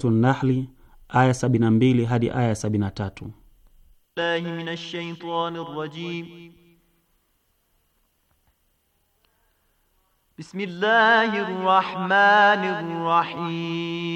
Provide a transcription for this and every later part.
Suratu Nahli aya 72 hadi aya 73. Billahi minash shaitani rrajim. Bismillahir rahmanir rahim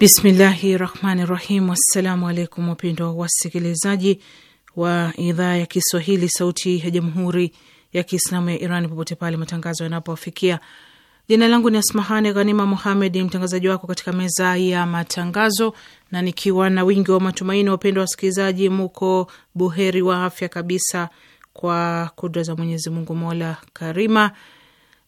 Bismillahi rahmani rahim. Assalamu alaikum wapendwa wasikilizaji wa idhaa ya Kiswahili sauti ya jamhuri ya Kiislamu ya Iran popote pale matangazo yanapofikia. Jina langu ni Asmahani Ghanima Muhamed, mtangazaji wako katika meza ya matangazo, na nikiwa na wingi wa matumaini, wapendwa wasikilizaji, muko buheri wa afya kabisa kwa kudra za Mwenyezi Mungu mola karima,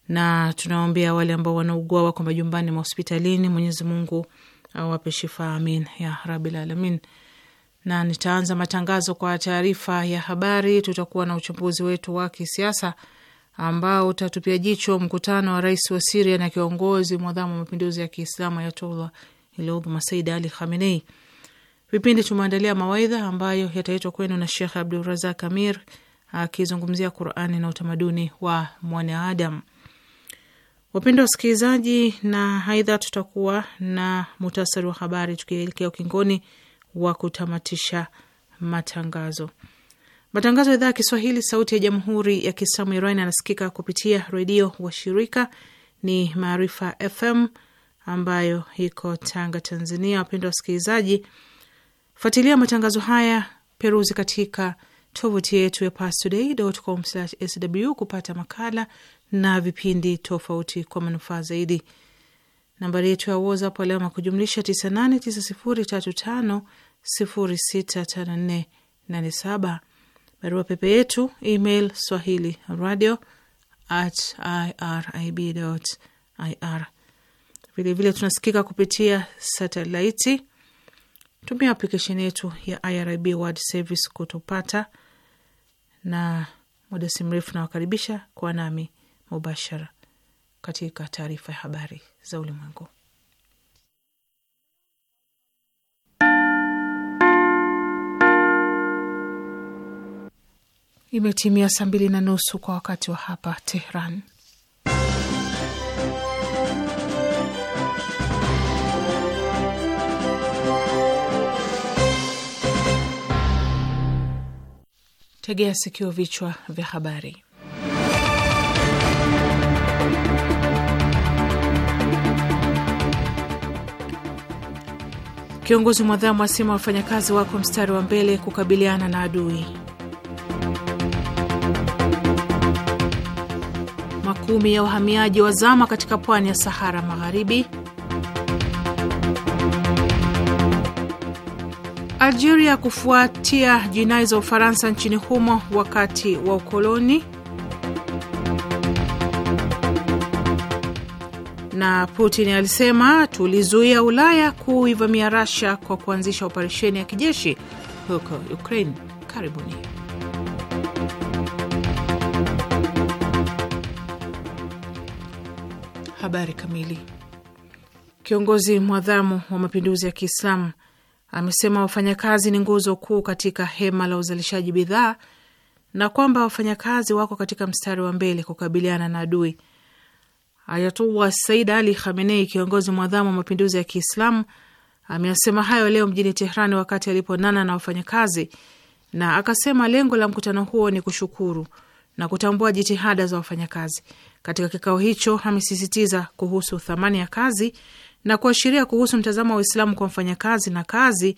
na tunaombea wale ambao wanaugua wako majumbani, mahospitalini. Mwenyezi Mungu awape shifa, amin ya rabil alamin. Na nitaanza matangazo kwa taarifa ya habari. Tutakuwa na uchambuzi wetu wa kisiasa ambao utatupia jicho mkutano wa rais wa Siria na kiongozi mwadhamu wa mapinduzi ya Kiislamu Ayatollah Ilhuma Said Ali Khamenei. Vipindi tumeandalia mawaidha ambayo yataitwa kwenu na Shekh Abdurazak Amir akizungumzia Qurani na utamaduni wa mwanadamu. Wapendwa wasikilizaji, na aidha tutakuwa na muhtasari wa habari tukielekea ukingoni wa kutamatisha matangazo. Matangazo ya idhaa ya Kiswahili sauti ya jamhuri ya Kiislamu Iran yanasikika kupitia redio wa shirika ni Maarifa FM ambayo iko Tanga, Tanzania. Wapendwa wasikilizaji, fuatilia matangazo haya peruzi katika tovuti yetu ya pastoday.com/sw kupata makala na vipindi tofauti kwa manufaa zaidi. Nambari yetu ya WhatsApp alama kujumlisha 989035065487. Barua pepe yetu email swahili radio at irib ir. Vilevile tunasikika kupitia satelaiti. Tumia aplikesheni yetu ya IRIB World Service kutupata, na muda si mrefu nawakaribisha kwa nami mubashara katika taarifa ya habari za ulimwengu. Imetimia saa mbili na nusu kwa wakati wa hapa Tehran. Tegea sikio, vichwa vya habari. Kiongozi mwadhamu asema wafanyakazi wako mstari wa mbele kukabiliana na adui. Makumi ya wahamiaji wazama katika pwani ya Sahara Magharibi. Algeria kufuatia jinai za Ufaransa nchini humo wakati wa ukoloni. na Putin alisema tulizuia Ulaya kuivamia Russia kwa kuanzisha operesheni ya kijeshi huko Ukraine. Karibuni. Habari kamili. Kiongozi mwadhamu wa mapinduzi ya Kiislamu amesema wafanyakazi ni nguzo kuu katika hema la uzalishaji bidhaa na kwamba wafanyakazi wako katika mstari wa mbele kukabiliana na adui Ayatullah Said Ali Khamenei, kiongozi mwadhamu wa mapinduzi ya Kiislamu, ameyasema hayo leo mjini Tehrani wakati aliponana na wafanyakazi, na akasema lengo la mkutano huo ni kushukuru na kutambua jitihada za wafanyakazi. Katika kikao hicho amesisitiza kuhusu thamani ya kazi na kuashiria kuhusu mtazamo wa Uislamu kwa mfanyakazi na kazi,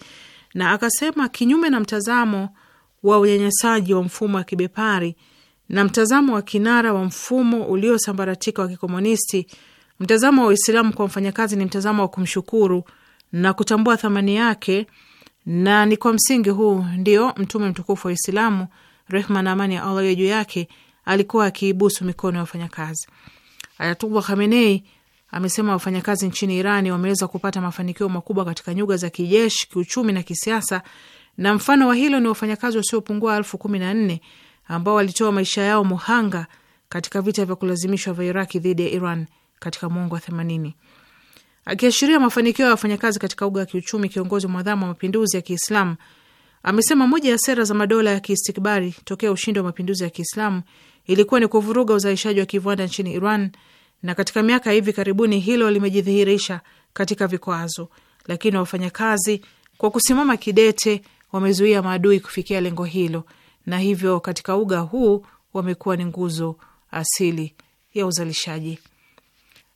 na akasema kinyume na mtazamo wa unyanyasaji wa mfumo wa kibepari na mtazamo wa kinara wa mfumo uliosambaratika wa kikomunisti, mtazamo wa Uislamu kwa mfanyakazi ni mtazamo wa kumshukuru na kutambua thamani yake, na ni kwa msingi huu ndio Mtume mtukufu wa Uislamu, rehma na amani ya Allah iwe juu yake, alikuwa akiibusu mikono ya wafanyakazi. Ayatullah Khamenei amesema wafanyakazi nchini Irani wameweza kupata mafanikio makubwa katika nyuga za kijeshi, kiuchumi na kisiasa, na mfano wa hilo ni wafanyakazi wasiopungua elfu kumi na nne ambao walitoa maisha yao muhanga katika vita vya kulazimishwa vya Iraki dhidi ya Iran katika mwongo wa themanini. Akiashiria mafanikio ya wafanyakazi katika uga wa kiuchumi, kiongozi mwadhamu wa mapinduzi ya Kiislamu amesema moja ya sera za madola ya kiistikbari tokea ushindi wa mapinduzi ya Kiislamu ilikuwa ni kuvuruga uzalishaji wa kiviwanda nchini Iran, na katika miaka ya hivi karibuni hilo limejidhihirisha katika vikwazo, lakini wafanyakazi kwa kusimama kidete wamezuia maadui kufikia lengo hilo na hivyo katika uga huu wamekuwa ni nguzo asili ya uzalishaji.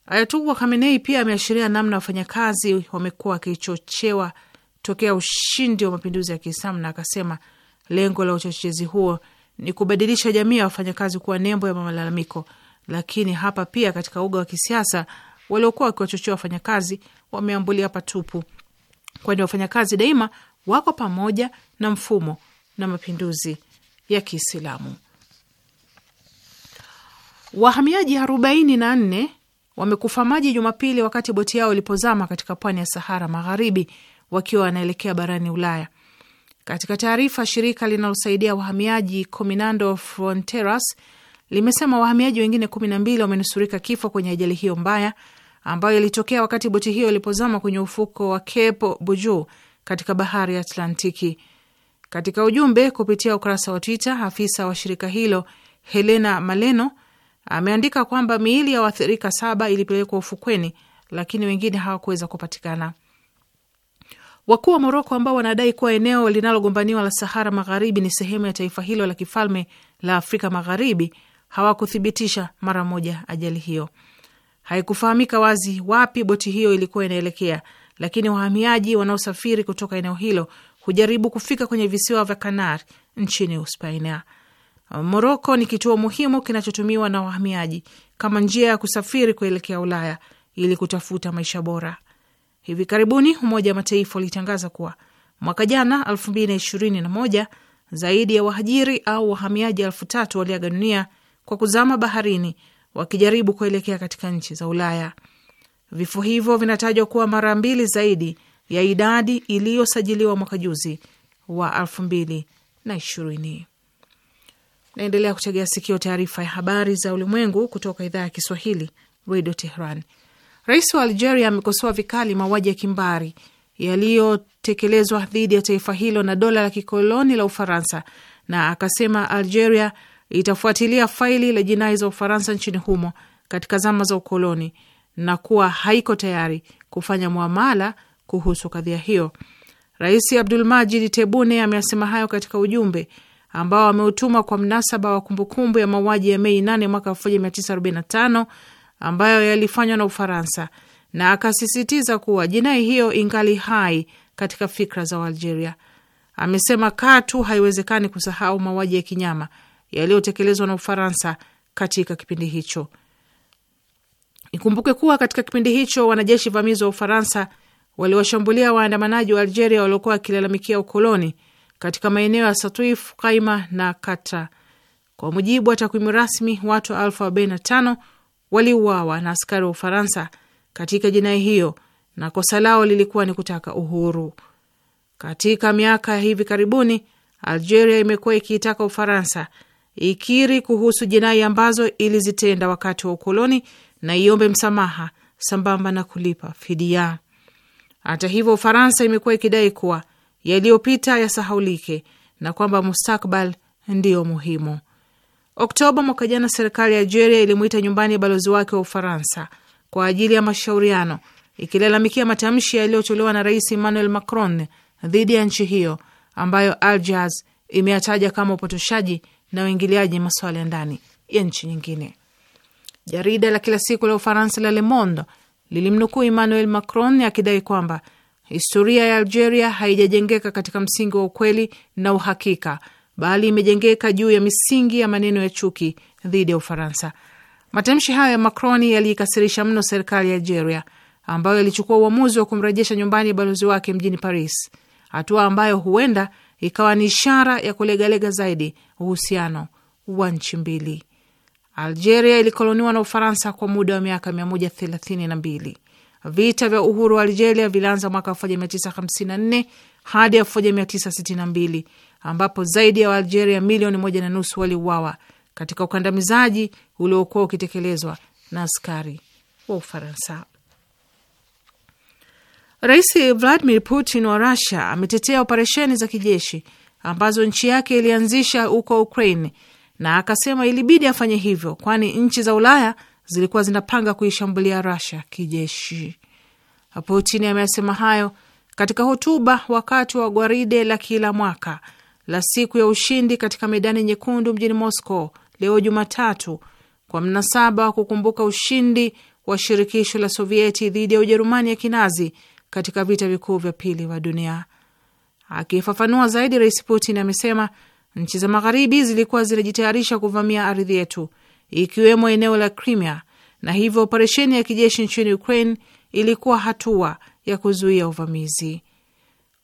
Ayatullah Khamenei pia ameashiria namna wafanyakazi wamekuwa wakichochewa tokea ushindi wa mapinduzi ya Kiislamu, na akasema lengo la uchochezi huo ni kubadilisha jamii ya wafanyakazi kuwa nembo ya malalamiko. Lakini hapa pia katika uga wa kisiasa, waliokuwa wakiwachochea wafanyakazi wameambulia patupu, kwani wafanyakazi daima wako pamoja na mfumo na mapinduzi ya Kiislamu. Wahamiaji 44 wamekufa maji Jumapili wakati boti yao ilipozama katika pwani ya Sahara Magharibi wakiwa wanaelekea barani Ulaya. Katika taarifa, shirika linalosaidia wahamiaji Cominando Fronteras limesema wahamiaji wengine 12 wamenusurika kifo kwenye ajali hiyo mbaya ambayo ilitokea wakati boti hiyo ilipozama kwenye ufuko wa Cape Buju katika bahari ya Atlantiki. Katika ujumbe kupitia ukurasa wa Twitter, afisa wa shirika hilo Helena Maleno ameandika kwamba miili ya waathirika saba ilipelekwa ufukweni, lakini wengine hawakuweza kupatikana. Wakuu wa Moroko ambao wanadai kuwa eneo linalogombaniwa la Sahara Magharibi ni sehemu ya taifa hilo la kifalme la Afrika Magharibi hawakuthibitisha mara moja ajali hiyo. Haikufahamika wazi wapi boti hiyo ilikuwa inaelekea, lakini wahamiaji wanaosafiri kutoka eneo hilo hujaribu kufika kwenye visiwa vya Kanari nchini Uspania. Moroko ni kituo muhimu kinachotumiwa na wahamiaji kama njia ya kusafiri kuelekea Ulaya ili kutafuta maisha bora. Hivi karibuni Umoja wa Mataifa ulitangaza kuwa mwaka jana elfu zaidi ya wahajiri au wahamiaji elfu tatu waliaga dunia kwa kuzama baharini wakijaribu kuelekea katika nchi za Ulaya. Vifo hivyo vinatajwa kuwa mara mbili zaidi ya idadi iliyosajiliwa mwaka juzi wa elfu mbili na ishirini. Naendelea kutegea sikio taarifa ya habari za ulimwengu kutoka idhaa ya Kiswahili redio Tehran. Rais wa Algeria amekosoa vikali mauaji ya kimbari yaliyotekelezwa dhidi ya taifa hilo na dola la kikoloni la Ufaransa na akasema Algeria itafuatilia faili la jinai za Ufaransa nchini humo katika zama za ukoloni na kuwa haiko tayari kufanya mwamala kuhusu kadhia hiyo. Rais Abdul Majid Tebune ameasema hayo katika ujumbe ambao ameutuma kwa mnasaba wa kumbukumbu ya mauaji ya Mei 8 mwaka 1945 ambayo yalifanywa na Ufaransa, na akasisitiza kuwa jinai hiyo ingali hai katika fikra za Waalgeria. Amesema katu haiwezekani kusahau mauaji ya kinyama yaliyotekelezwa na Ufaransa katika kipindi hicho. Ikumbuke kuwa katika kipindi hicho wanajeshi vamizi wa Ufaransa waliwashambulia waandamanaji wa Algeria waliokuwa wakilalamikia ukoloni katika maeneo ya Satuif, Kaima na Katra. Kwa mujibu wa takwimu rasmi, watu elfu arobaini na tano waliuawa na askari wa Ufaransa katika jinai hiyo, na kosa lao lilikuwa ni kutaka uhuru. Katika miaka ya hivi karibuni, Algeria imekuwa ikiitaka Ufaransa ikiri kuhusu jinai ambazo ilizitenda wakati wa ukoloni na iombe msamaha sambamba na kulipa fidia. Hata hivyo, Ufaransa imekuwa ikidai kuwa yaliyopita yasahaulike na kwamba mustakbal ndiyo muhimu. Oktoba mwaka jana, serikali ya Algeria ilimwita nyumbani balozi wake wa Ufaransa kwa ajili ya mashauriano, ikilalamikia matamshi yaliyotolewa na Rais Emmanuel Macron dhidi ya nchi hiyo ambayo Aljaz imeyataja kama upotoshaji na uingiliaji masuala ya ndani ya nchi nyingine. Jarida la kila siku la Ufaransa la Le Monde lilimnukuu Emmanuel Macron akidai kwamba historia ya Algeria haijajengeka katika msingi wa ukweli na uhakika, bali imejengeka juu ya misingi ya maneno ya chuki dhidi ya Ufaransa. Matamshi hayo ya Macron yaliikasirisha mno serikali ya Algeria ambayo ilichukua uamuzi wa kumrejesha nyumbani balozi wake mjini Paris, hatua ambayo huenda ikawa ni ishara ya kulegalega zaidi uhusiano wa nchi mbili. Algeria ilikoloniwa na Ufaransa kwa muda wa miaka 132. Vita vya uhuru wa Algeria vilianza mwaka 1954 hadi 1962 ambapo zaidi ya Waalgeria milioni moja na nusu waliuawa katika ukandamizaji uliokuwa ukitekelezwa na askari wa Ufaransa. Rais Vladimir Putin wa Rusia ametetea operesheni za kijeshi ambazo nchi yake ilianzisha huko Ukraine na akasema ilibidi afanye hivyo, kwani nchi za Ulaya zilikuwa zinapanga kuishambulia rasha kijeshi. Putin ameasema hayo katika hotuba wakati wa gwaride la kila mwaka la siku ya ushindi katika medani nyekundu mjini Moscow leo Jumatatu, kwa mnasaba wa kukumbuka ushindi wa shirikisho la Sovieti dhidi ya Ujerumani ya kinazi katika vita vikuu vya pili vya dunia. Akifafanua zaidi, Rais Putin amesema nchi za magharibi zilikuwa zinajitayarisha kuvamia ardhi yetu, ikiwemo eneo la Crimea, na hivyo operesheni ya kijeshi nchini Ukraine ilikuwa hatua ya kuzuia uvamizi.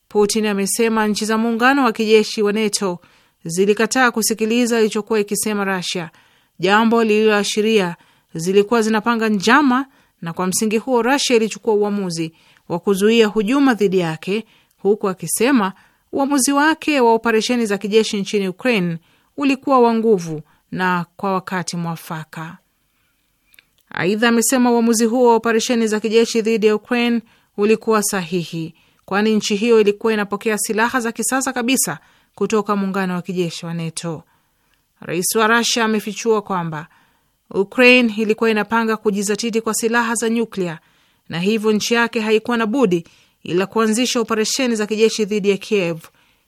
Putin amesema nchi za muungano wa kijeshi wa NATO zilikataa kusikiliza ilichokuwa ikisema Russia, jambo lililoashiria zilikuwa zinapanga njama, na kwa msingi huo Russia ilichukua uamuzi wa kuzuia hujuma dhidi yake, huku akisema Uamuzi wake wa operesheni za kijeshi nchini Ukraine ulikuwa wa nguvu na kwa wakati mwafaka. Aidha, amesema uamuzi huo wa operesheni za kijeshi dhidi ya Ukraine ulikuwa sahihi, kwani nchi hiyo ilikuwa inapokea silaha za kisasa kabisa kutoka muungano wa kijeshi wa NATO. Rais wa rasia amefichua kwamba Ukraine ilikuwa inapanga kujizatiti kwa silaha za nyuklia na hivyo nchi yake haikuwa na budi ila kuanzisha operesheni za kijeshi dhidi ya Kiev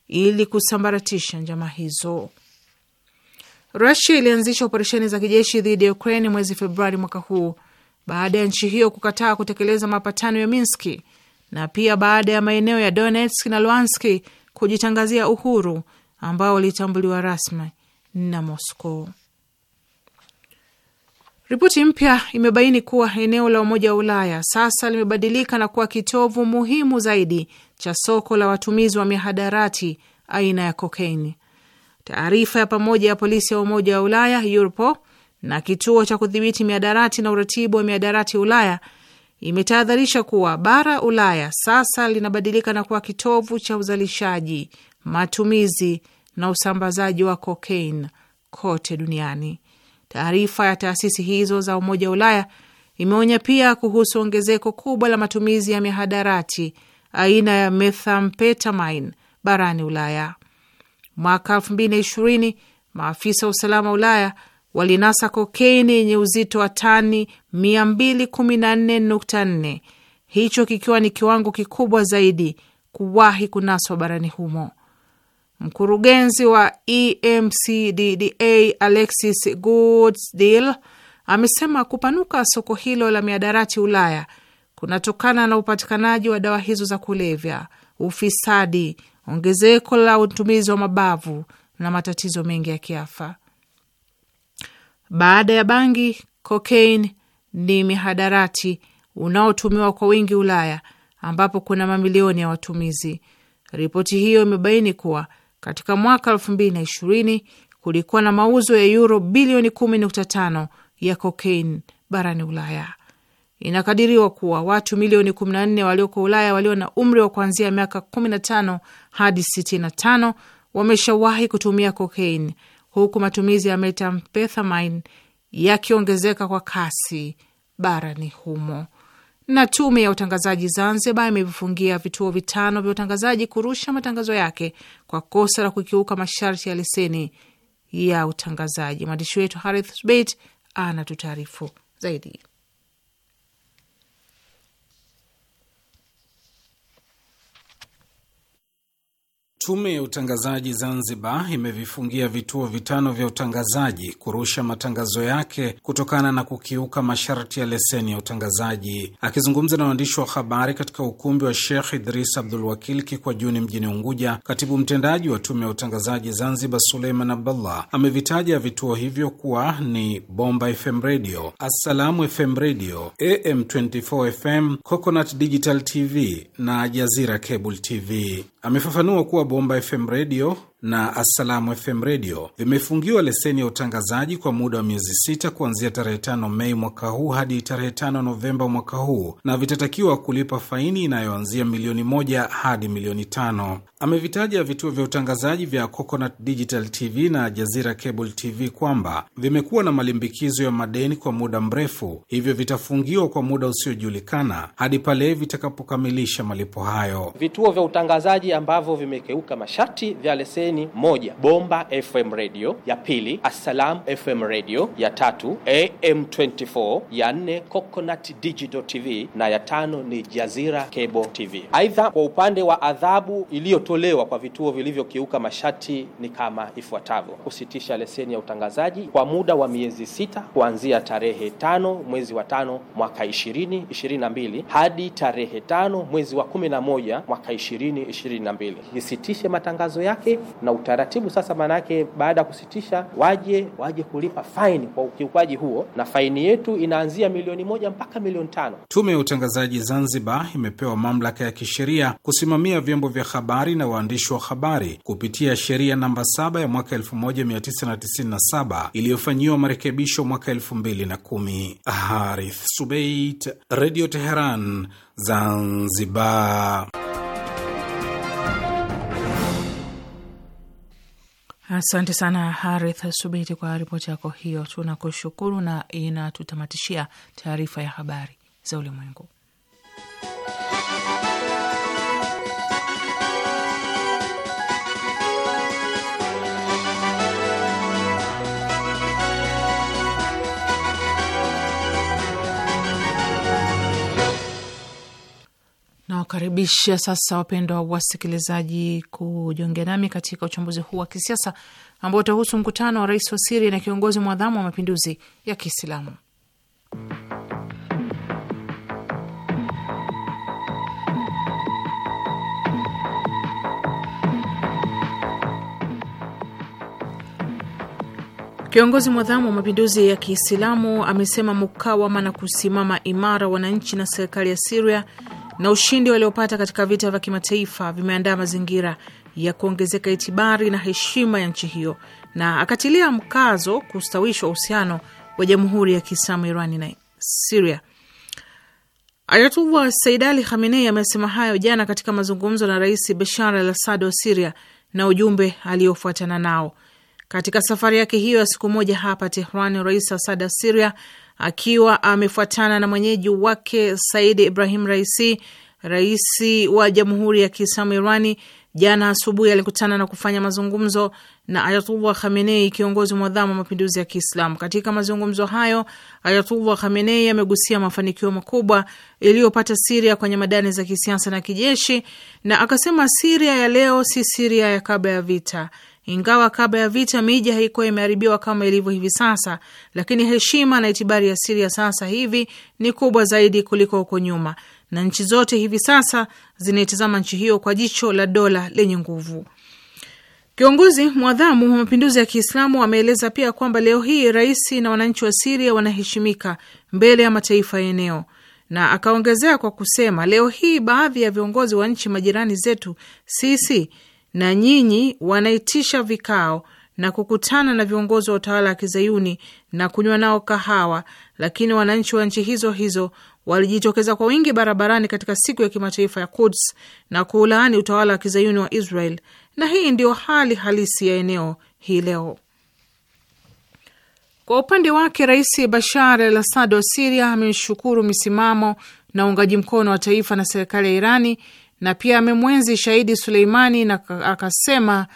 ili kusambaratisha njama hizo. Rusia ilianzisha operesheni za kijeshi dhidi ya ukraini mwezi Februari mwaka huu baada ya nchi hiyo kukataa kutekeleza mapatano ya Minski na pia baada ya maeneo ya Donetsk na Luanski kujitangazia uhuru ambao ulitambuliwa rasmi na Moscow. Ripoti mpya imebaini kuwa eneo la Umoja wa Ulaya sasa limebadilika na kuwa kitovu muhimu zaidi cha soko la watumizi wa mihadarati aina ya kokaini. Taarifa ya pamoja ya polisi ya Umoja wa Ulaya Europol na kituo cha kudhibiti mihadarati na uratibu wa mihadarati Ulaya imetahadharisha kuwa bara Ulaya sasa linabadilika na kuwa kitovu cha uzalishaji, matumizi na usambazaji wa kokaini kote duniani. Taarifa ya taasisi hizo za Umoja wa Ulaya imeonya pia kuhusu ongezeko kubwa la matumizi ya mihadarati aina ya methamphetamine barani Ulaya. Mwaka 2020 maafisa wa usalama wa Ulaya walinasa kokeini yenye uzito wa tani 214.4, hicho kikiwa ni kiwango kikubwa zaidi kuwahi kunaswa barani humo. Mkurugenzi wa EMCDDA Alexis Goodsdeal amesema kupanuka soko hilo la miadarati Ulaya kunatokana na upatikanaji wa dawa hizo za kulevya, ufisadi, ongezeko la utumizi wa mabavu na matatizo mengi ya kiafya. Baada ya bangi, kokeini ni mihadarati unaotumiwa kwa wingi Ulaya, ambapo kuna mamilioni ya watumizi. Ripoti hiyo imebaini kuwa katika mwaka elfu mbili na ishirini kulikuwa na mauzo ya yuro bilioni kumi nukta tano ya kokaini barani Ulaya. Inakadiriwa kuwa watu milioni kumi na nne walioko Ulaya walio na umri wa kuanzia miaka kumi na tano hadi tano wameshawahi kutumia kokaini, huku matumizi ya metamfethamine yakiongezeka kwa kasi barani humo. Na tume ya utangazaji Zanzibar imevifungia vituo vitano vya utangazaji kurusha matangazo yake kwa kosa la kukiuka masharti ya leseni ya utangazaji. Mwandishi wetu Harith anatutaarifu zaidi. Tume ya Utangazaji Zanzibar imevifungia vituo vitano vya utangazaji kurusha matangazo yake kutokana na kukiuka masharti ya leseni ya utangazaji. Akizungumza na waandishi wa habari katika ukumbi wa Sheikh Idris Abdul Wakil Kikwajuni mjini Unguja, katibu mtendaji wa Tume ya Utangazaji Zanzibar Suleiman Abdullah amevitaja vituo hivyo kuwa ni Bomba FM Radio, Assalamu FM Radio, AM 24 FM, Coconut Digital TV na Jazira Cable TV. Amefafanua kuwa Bomba FM Radio na Assalamu FM redio vimefungiwa leseni ya utangazaji kwa muda wa miezi sita kuanzia tarehe 5 Mei mwaka huu hadi tarehe 5 Novemba mwaka huu na vitatakiwa kulipa faini inayoanzia milioni moja hadi milioni tano. Amevitaja vituo vya utangazaji vya Coconut Digital TV na Jazira Cable TV kwamba vimekuwa na malimbikizo ya madeni kwa muda mrefu, hivyo vitafungiwa kwa muda usiojulikana hadi pale vitakapokamilisha malipo hayo. Vituo vya utangazaji ambavyo vimekeuka masharti vya leseni nini? Moja, Bomba FM Radio; ya pili, Assalam FM Radio; ya tatu, AM24; ya nne, Coconut Digital TV na ya tano ni Jazira Cable TV. Aidha, kwa upande wa adhabu iliyotolewa kwa vituo vilivyokiuka masharti ni kama ifuatavyo: kusitisha leseni ya utangazaji kwa muda wa miezi sita kuanzia tarehe tano mwezi wa tano mwaka 222 hadi tarehe tano mwezi wa 11 mwaka 2022, isitishe matangazo yake na utaratibu sasa. Maanake baada ya kusitisha, waje waje kulipa faini kwa ukiukwaji huo, na faini yetu inaanzia milioni moja mpaka milioni tano. Tume ya Utangazaji Zanzibar imepewa mamlaka ya kisheria kusimamia vyombo vya habari na waandishi wa habari kupitia sheria namba saba ya mwaka 1997 iliyofanyiwa marekebisho mwaka 2010. Harith Subeit, Radio Teheran, Zanzibar. Asante sana Harith Subiti kwa ripoti yako hiyo, tunakushukuru na inatutamatishia taarifa ya habari za ulimwengu. Nawakaribisha sasa wapendwa wasikilizaji kujiunga nami katika uchambuzi huu wa kisiasa ambao utahusu mkutano wa rais wa Siria na kiongozi mwadhamu wa mapinduzi ya Kiislamu. Kiongozi mwadhamu wa mapinduzi ya Kiislamu amesema mukawama na kusimama imara wananchi na serikali ya Siria na ushindi waliopata katika vita vya kimataifa vimeandaa mazingira ya kuongezeka itibari na heshima ya nchi hiyo, na akatilia mkazo kustawishwa uhusiano wa Jamhuri ya Kiislamu Irani na Siria. Ayatullah Said Ali Khamenei amesema hayo jana katika mazungumzo na Rais Bashar al Assad wa Siria na ujumbe aliofuatana nao. Katika safari yake hiyo ya siku moja hapa Tehran, Rais Assad wa Siria akiwa amefuatana na mwenyeji wake Said Ibrahim Raisi. Raisi wa Jamhuri ya Kiislamu Irani jana asubuhi alikutana na kufanya mazungumzo na Ayatullah Khamenei, kiongozi mwadhamu wa mapinduzi ya Kiislamu. Katika mazungumzo hayo, Ayatullah Khamenei amegusia mafanikio makubwa iliyopata Siria kwenye madani za kisiasa na kijeshi, na akasema Siria ya leo si Siria ya kabla ya vita ingawa kabla ya vita miji haikuwa imeharibiwa kama ilivyo hivi sasa, lakini heshima na itibari ya Siria sasa hivi ni kubwa zaidi kuliko huko nyuma, na nchi zote hivi sasa zinaitazama nchi hiyo kwa jicho la dola lenye nguvu. Kiongozi mwadhamu wa mapinduzi ya Kiislamu ameeleza pia kwamba leo hii rais na wananchi wa Siria wanaheshimika mbele ya mataifa ya eneo, na akaongezea kwa kusema, leo hii baadhi ya viongozi wa nchi majirani zetu sisi na nyinyi wanaitisha vikao na kukutana na viongozi wa utawala wa kizayuni na kunywa nao kahawa, lakini wananchi wa nchi hizo hizo walijitokeza kwa wingi barabarani katika siku ya kimataifa ya Quds na kuulaani utawala wa kizayuni wa Israel, na hii ndiyo hali halisi ya eneo hii leo. Kwa upande wake, Rais Bashar al Assad wa Siria ameshukuru misimamo na uungaji mkono wa taifa na serikali ya Irani na pia amemwenzi shahidi Suleimani na akasema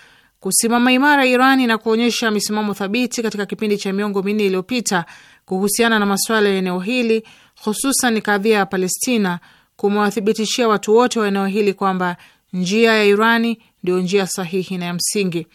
kusimama imara Irani na kuonyesha misimamo thabiti katika kipindi cha miongo minne iliyopita kuhusiana na masuala ya eneo hili, hususan kadhia ya Palestina, kumewathibitishia watu wote wa eneo hili kwamba njia ya Irani ndio njia sahihi na ya msingi.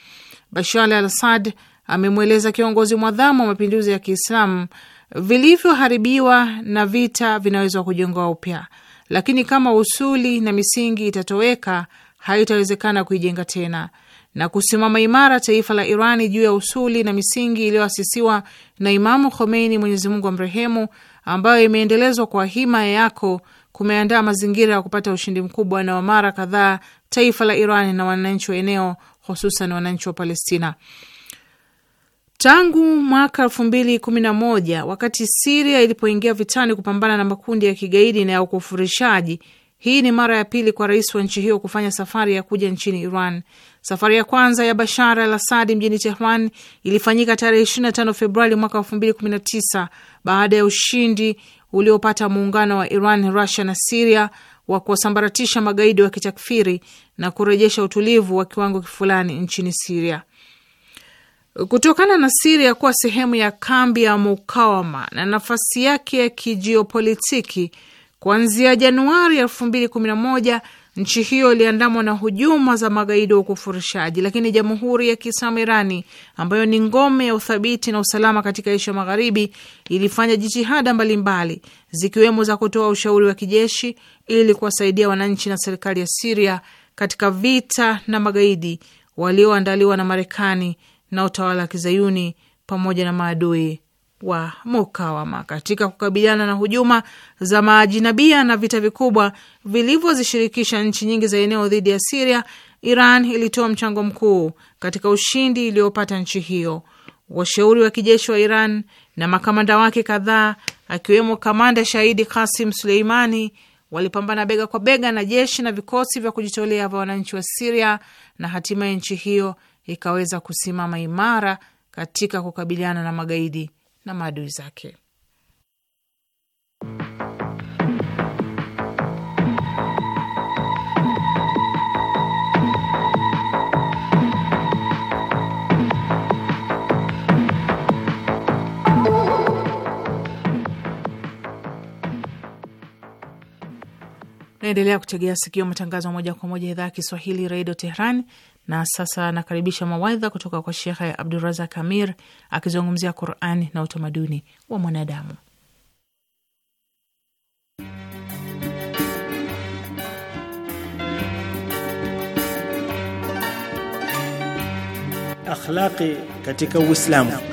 Bashar al Assad amemweleza kiongozi mwadhamu wa mapinduzi ya Kiislamu vilivyoharibiwa na vita vinaweza kujengwa upya lakini kama usuli na misingi itatoweka, haitawezekana kuijenga tena na kusimama imara taifa la Irani juu ya usuli na misingi iliyoasisiwa na Imamu Khomeini, Mwenyezi Mungu amrehemu, ambayo imeendelezwa kwa hima yako kumeandaa mazingira ya kupata ushindi mkubwa na wa mara kadhaa taifa la iran na wananchi wa eneo, hususan wananchi wa Palestina. Tangu mwaka elfu mbili kumi na moja wakati Siria ilipoingia vitani kupambana na makundi ya kigaidi na ya ukufurishaji, hii ni mara ya pili kwa rais wa nchi hiyo kufanya safari ya kuja nchini Iran. Safari ya kwanza ya Bashar al Asadi mjini Tehran ilifanyika tarehe 25 Februari mwaka tisa baada ya ushindi uliopata muungano wa Iran, Rusia na Siria wa kuwasambaratisha magaidi wa kitakfiri na kurejesha utulivu wa kiwango fulani nchini Siria. Kutokana na siria kuwa sehemu ya kambi ya mukawama na nafasi yake ya kijiopolitiki, kuanzia Januari 2011 nchi hiyo iliandamwa na hujuma za magaidi wa ukufurishaji, lakini Jamhuri ya Kiislamu Irani ambayo ni ngome ya uthabiti na usalama katika Asia Magharibi ilifanya jitihada mbalimbali zikiwemo za kutoa ushauri wa kijeshi ili kuwasaidia wananchi na serikali ya Siria katika vita na magaidi walioandaliwa na Marekani na utawala wa kizayuni pamoja na maadui wa mukawama katika kukabiliana na hujuma za maajinabia na vita vikubwa vilivyozishirikisha nchi nyingi za eneo dhidi ya Siria. Iran ilitoa mchango mkuu katika ushindi iliyopata nchi hiyo. Washauri wa kijeshi wa Iran na makamanda wake kadhaa, akiwemo kamanda shahidi Kasim Suleimani, walipambana bega kwa bega na jeshi na vikosi vya kujitolea vya wananchi wa Siria na hatimaye nchi hiyo ikaweza kusimama imara katika kukabiliana na magaidi na maadui zake. Naendelea kutegea sikio matangazo moja kwa moja idhaa ya Kiswahili redio Tehran. Na sasa nakaribisha mawaidha kutoka kwa Shekhe Abdurazak Amir akizungumzia Qurani na utamaduni wa mwanadamu. Akhlaqi katika Uislamu.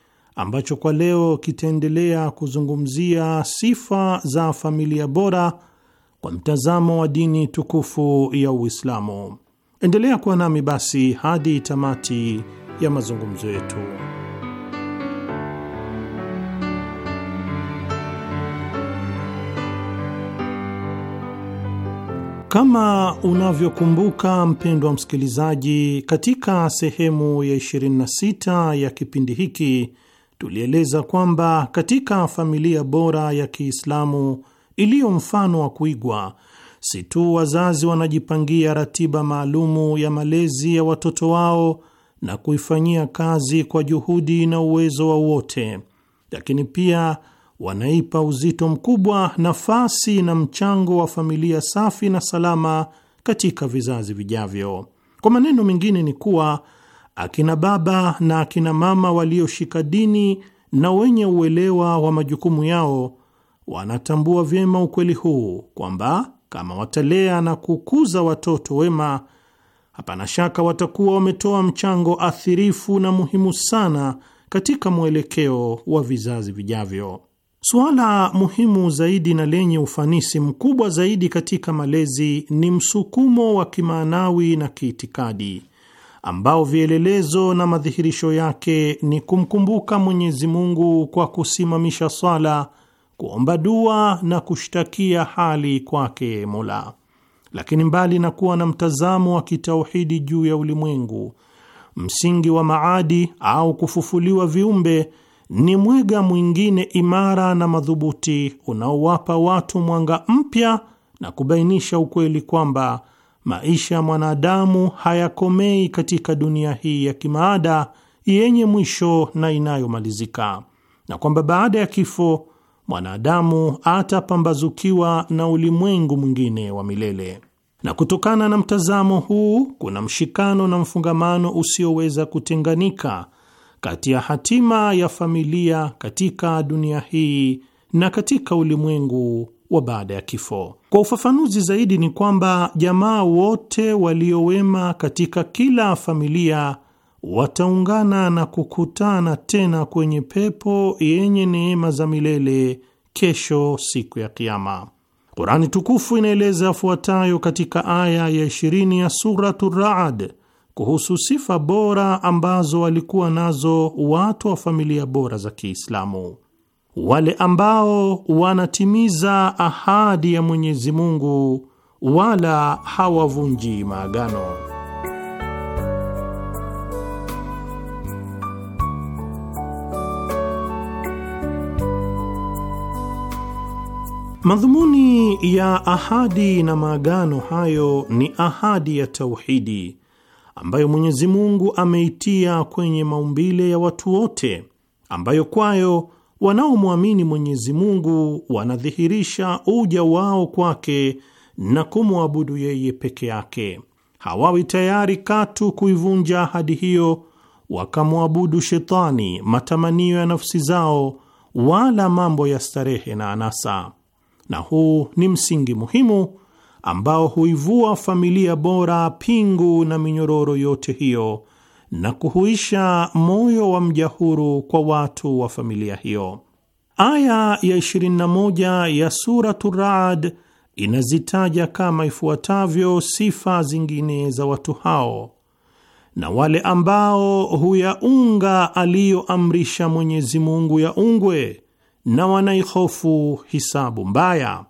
ambacho kwa leo kitaendelea kuzungumzia sifa za familia bora kwa mtazamo wa dini tukufu ya Uislamu. Endelea kuwa nami basi hadi tamati ya mazungumzo yetu. Kama unavyokumbuka mpendwa msikilizaji, katika sehemu ya 26 ya kipindi hiki tulieleza kwamba katika familia bora ya Kiislamu iliyo mfano wa kuigwa, si tu wazazi wanajipangia ratiba maalumu ya malezi ya watoto wao na kuifanyia kazi kwa juhudi na uwezo wa wote, lakini pia wanaipa uzito mkubwa nafasi na mchango wa familia safi na salama katika vizazi vijavyo. Kwa maneno mengine ni kuwa akina baba na akina mama walioshika dini na wenye uelewa wa majukumu yao wanatambua vyema ukweli huu kwamba kama watalea na kukuza watoto wema, hapana shaka watakuwa wametoa mchango athirifu na muhimu sana katika mwelekeo wa vizazi vijavyo. Suala muhimu zaidi na lenye ufanisi mkubwa zaidi katika malezi ni msukumo wa kimaanawi na kiitikadi ambao vielelezo na madhihirisho yake ni kumkumbuka Mwenyezi Mungu kwa kusimamisha swala, kuomba dua na kushtakia hali kwake Mola. Lakini mbali na kuwa na mtazamo wa kitauhidi juu ya ulimwengu, msingi wa maadi au kufufuliwa viumbe ni mwiga mwingine imara na madhubuti unaowapa watu mwanga mpya na kubainisha ukweli kwamba maisha ya mwanadamu hayakomei katika dunia hii ya kimaada yenye mwisho na inayomalizika, na kwamba baada ya kifo mwanadamu atapambazukiwa na ulimwengu mwingine wa milele. Na kutokana na mtazamo huu, kuna mshikano na mfungamano usioweza kutenganika kati ya hatima ya familia katika dunia hii na katika ulimwengu wa baada ya kifo. Kwa ufafanuzi zaidi, ni kwamba jamaa wote waliowema katika kila familia wataungana na kukutana tena kwenye pepo yenye neema za milele kesho, siku ya Kiama. Kurani tukufu inaeleza yafuatayo katika aya ya 20 ya Suratu Raad kuhusu sifa bora ambazo walikuwa nazo watu wa familia bora za Kiislamu wale ambao wanatimiza ahadi ya Mwenyezi Mungu wala hawavunji maagano. Madhumuni ya ahadi na maagano hayo ni ahadi ya tauhidi ambayo Mwenyezi Mungu ameitia kwenye maumbile ya watu wote, ambayo kwayo wanaomwamini Mwenyezi Mungu wanadhihirisha uja wao kwake na kumwabudu yeye peke yake. Hawawi tayari katu kuivunja ahadi hiyo wakamwabudu shetani, matamanio ya nafsi zao, wala mambo ya starehe na anasa. Na huu ni msingi muhimu ambao huivua familia bora pingu na minyororo yote hiyo na kuhuisha moyo wa mja huru kwa watu wa familia hiyo. Aya ya 21 ya Suratu Raad inazitaja kama ifuatavyo sifa zingine za watu hao: na wale ambao huyaunga aliyoamrisha Mwenyezi Mungu ungwe na wanaihofu hisabu mbaya.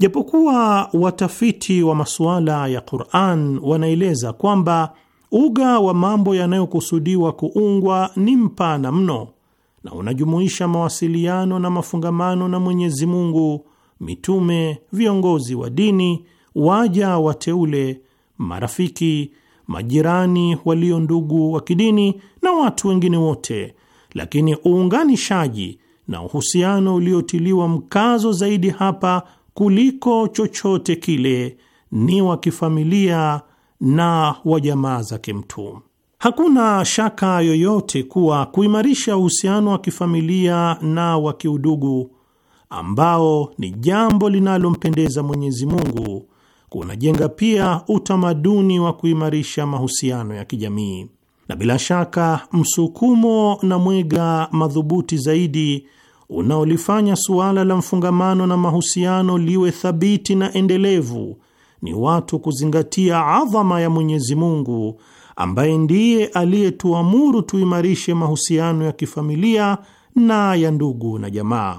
Japokuwa watafiti wa masuala ya Qur'an wanaeleza kwamba Uga wa mambo yanayokusudiwa kuungwa ni mpana mno na unajumuisha mawasiliano na mafungamano na Mwenyezi Mungu, mitume, viongozi wa dini, waja wateule, marafiki, majirani walio ndugu wa kidini na watu wengine wote, lakini uunganishaji na uhusiano uliotiliwa mkazo zaidi hapa kuliko chochote kile ni wa kifamilia na wa jamaa zake mtu. Hakuna shaka yoyote kuwa kuimarisha uhusiano wa kifamilia na wa kiudugu ambao ni jambo linalompendeza Mwenyezi Mungu kunajenga pia utamaduni wa kuimarisha mahusiano ya kijamii, na bila shaka msukumo na mwega madhubuti zaidi unaolifanya suala la mfungamano na mahusiano liwe thabiti na endelevu ni watu kuzingatia adhama ya Mwenyezi Mungu ambaye ndiye aliyetuamuru tuimarishe mahusiano ya kifamilia na ya ndugu na jamaa.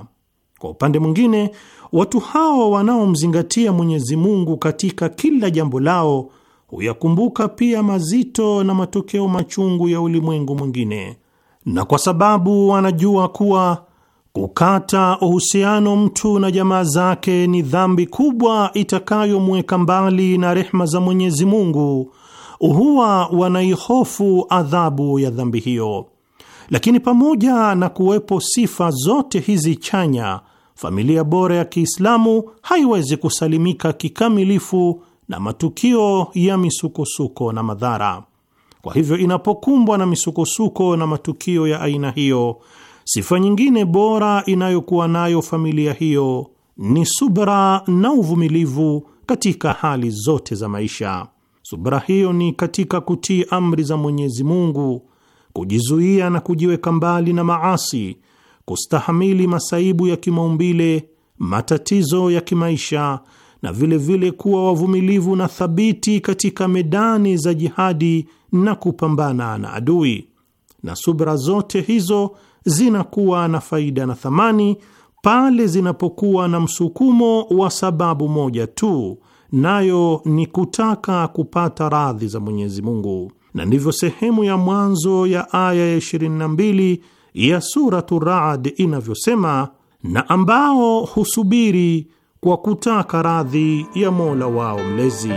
Kwa upande mwingine, watu hawa wanaomzingatia Mwenyezi Mungu katika kila jambo lao huyakumbuka pia mazito na matokeo machungu ya ulimwengu mwingine, na kwa sababu wanajua kuwa Kukata uhusiano mtu na jamaa zake ni dhambi kubwa itakayomweka mbali na rehma za Mwenyezi Mungu. Huwa wanaihofu adhabu ya dhambi hiyo. Lakini pamoja na kuwepo sifa zote hizi chanya, familia bora ya Kiislamu haiwezi kusalimika kikamilifu na matukio ya misukosuko na madhara. Kwa hivyo, inapokumbwa na misukosuko na matukio ya aina hiyo Sifa nyingine bora inayokuwa nayo familia hiyo ni subra na uvumilivu katika hali zote za maisha. Subra hiyo ni katika kutii amri za Mwenyezi Mungu, kujizuia na kujiweka mbali na maasi, kustahamili masaibu ya kimaumbile, matatizo ya kimaisha na vilevile vile kuwa wavumilivu na thabiti katika medani za jihadi na kupambana na adui. Na subra zote hizo zinakuwa na faida na thamani pale zinapokuwa na msukumo wa sababu moja tu, nayo ni kutaka kupata radhi za Mwenyezi Mungu, na ndivyo sehemu ya mwanzo ya aya ya 22 ya Suratu Raad inavyosema, na ambao husubiri kwa kutaka radhi ya Mola wao mlezi.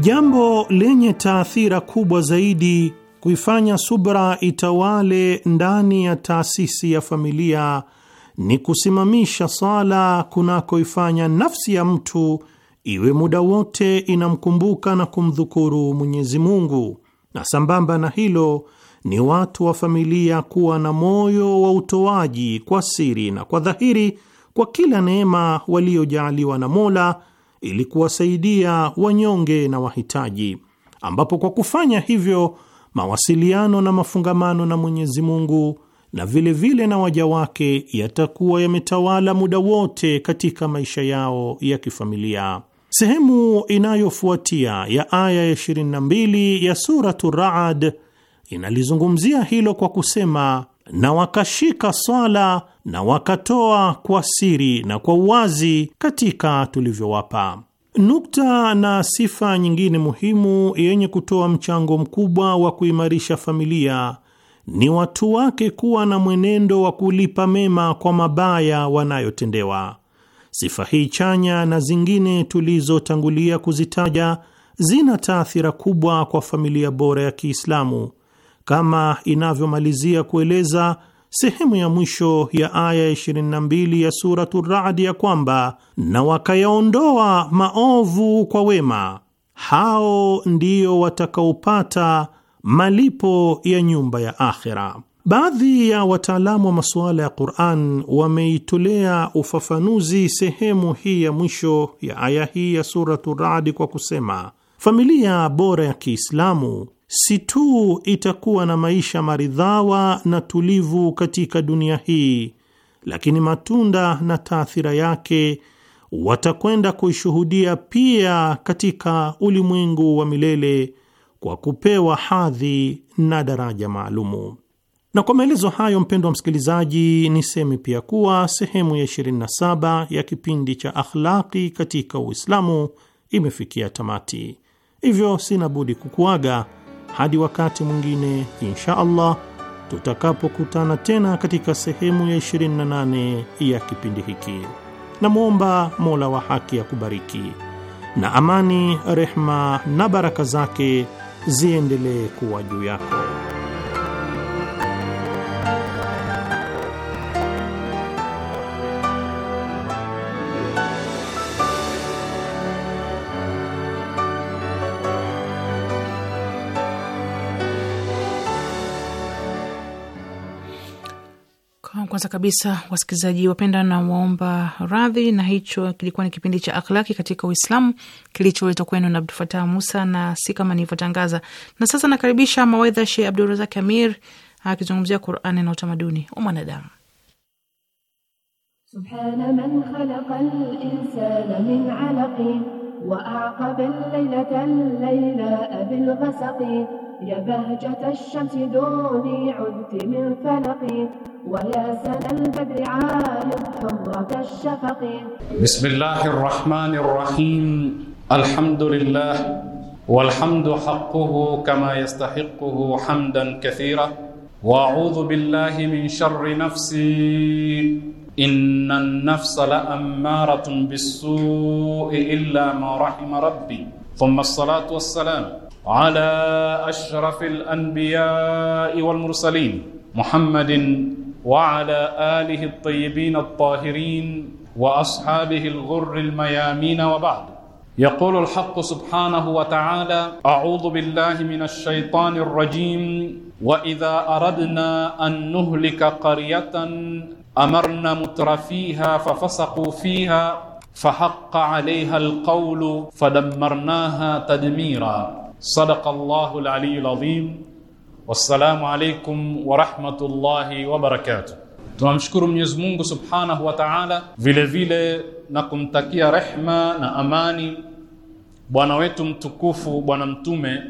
Jambo lenye taathira kubwa zaidi kuifanya subra itawale ndani ya taasisi ya familia ni kusimamisha sala kunakoifanya nafsi ya mtu iwe muda wote inamkumbuka na kumdhukuru Mwenyezi Mungu, na sambamba na hilo ni watu wa familia kuwa na moyo wa utoaji kwa siri na kwa dhahiri kwa kila neema waliojaaliwa na Mola ili kuwasaidia wanyonge na wahitaji, ambapo kwa kufanya hivyo mawasiliano na mafungamano na Mwenyezi Mungu na vilevile vile na waja wake yatakuwa yametawala muda wote katika maisha yao ya kifamilia. Sehemu inayofuatia ya aya ya 22 ya suratu Raad inalizungumzia hilo kwa kusema na wakashika swala na wakatoa kwa siri na kwa uwazi katika tulivyowapa. Nukta na sifa nyingine muhimu yenye kutoa mchango mkubwa wa kuimarisha familia ni watu wake kuwa na mwenendo wa kulipa mema kwa mabaya wanayotendewa. Sifa hii chanya na zingine tulizotangulia kuzitaja zina taathira kubwa kwa familia bora ya Kiislamu kama inavyomalizia kueleza sehemu ya mwisho ya aya 22 ya Suratu Radi ya kwamba, na wakayaondoa maovu kwa wema, hao ndio watakaopata malipo ya nyumba ya akhira Baadhi ya wataalamu wa masuala ya Quran wameitolea ufafanuzi sehemu hii ya mwisho ya aya hii ya Suratu Radi kwa kusema familia bora ya Kiislamu si tu itakuwa na maisha maridhawa na tulivu katika dunia hii, lakini matunda na taathira yake watakwenda kuishuhudia pia katika ulimwengu wa milele kwa kupewa hadhi na daraja maalumu. Na kwa maelezo hayo, mpendo wa msikilizaji, niseme pia kuwa sehemu ya 27 ya kipindi cha akhlaqi katika Uislamu imefikia tamati, hivyo sina budi kukuaga hadi wakati mwingine insha Allah tutakapokutana tena katika sehemu ya 28 ya kipindi hiki. Namwomba Mola wa haki akubariki na amani, rehma na baraka zake ziendelee kuwa juu yako. Kwanza kabisa, wasikilizaji wapenda, na waomba radhi, na hicho kilikuwa ni kipindi cha akhlaki katika Uislamu kilicholetwa kwenu na Abdul Musa, na si kama nilivyotangaza. Na sasa nakaribisha mawaidha Sheikh Abdurazak Amir akizungumzia Qurani na utamaduni wa mwanadamu. Subhana man khalaqa al-insana min alaqi wa aqaba al-laylata al-layla bil ghasaqi يا بهجة الشمس دوني عدت من فلقي ويا سنى البدر عالم حمرة الشفق بسم الله الرحمن الرحيم الحمد لله والحمد حقه كما يستحقه حمدا كثيرا واعوذ بالله من شر نفسي ان النفس لاماره بالسوء الا ما رحم ربي ثم الصلاه والسلام على أشرف الأنبياء والمرسلين محمد وعلى آله الطيبين الطاهرين وأصحابه الغر الميامين وبعد يقول الحق سبحانه وتعالى أعوذ بالله من الشيطان الرجيم وإذا أردنا أن نهلك قرية أمرنا مترفيها ففسقوا فيها فحق عليها القول فدمرناها تدميرا صدق الله العلي العظيم wassalamu alaikum warahmatullahi wabarakatuh. Tunamshukuru Mwenyezi Mungu subhanahu wa taala, vilevile na kumtakia rehma na amani bwana wetu mtukufu Bwana Mtume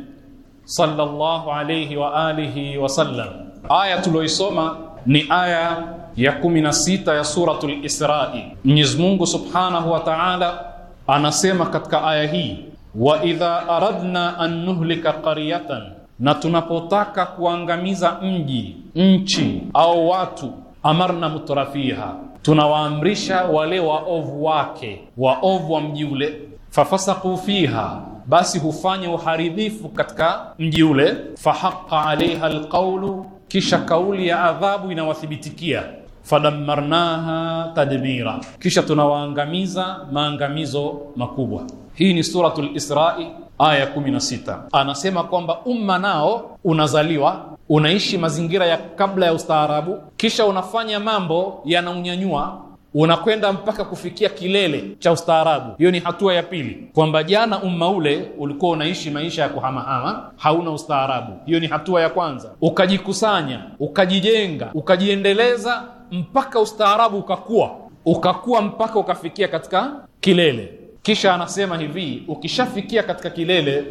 sallallahu alayhi wa alihi wasallam. Aya tulioisoma ni aya ya 16 ya surat lisrai Mwenyezi Mungu subhanahu wa taala anasema katika aya hii wa idha aradna an nuhlika qaryatan, na tunapotaka kuangamiza mji, nchi au watu, amarna mutrafiha, tunawaamrisha wale waovu wake, waovu wa mji ule, fafasaqu fiha basi hufanya uharibifu katika mji ule, fahaqa alaiha alqaulu, kisha kauli ya adhabu inawathibitikia, fadammarnaha tadmira, kisha tunawaangamiza maangamizo makubwa. Hii ni suratul Israi aya 16. Anasema kwamba umma nao unazaliwa, unaishi mazingira ya kabla ya ustaarabu, kisha unafanya mambo yanaunyanyua unakwenda mpaka kufikia kilele cha ustaarabu. Hiyo ni hatua ya pili, kwamba jana umma ule ulikuwa unaishi maisha ya kuhamahama, hauna ustaarabu. Hiyo ni hatua ya kwanza, ukajikusanya, ukajijenga, ukajiendeleza mpaka ustaarabu ukakua, ukakua mpaka ukafikia katika kilele. Kisha anasema hivi, ukishafikia katika kilele,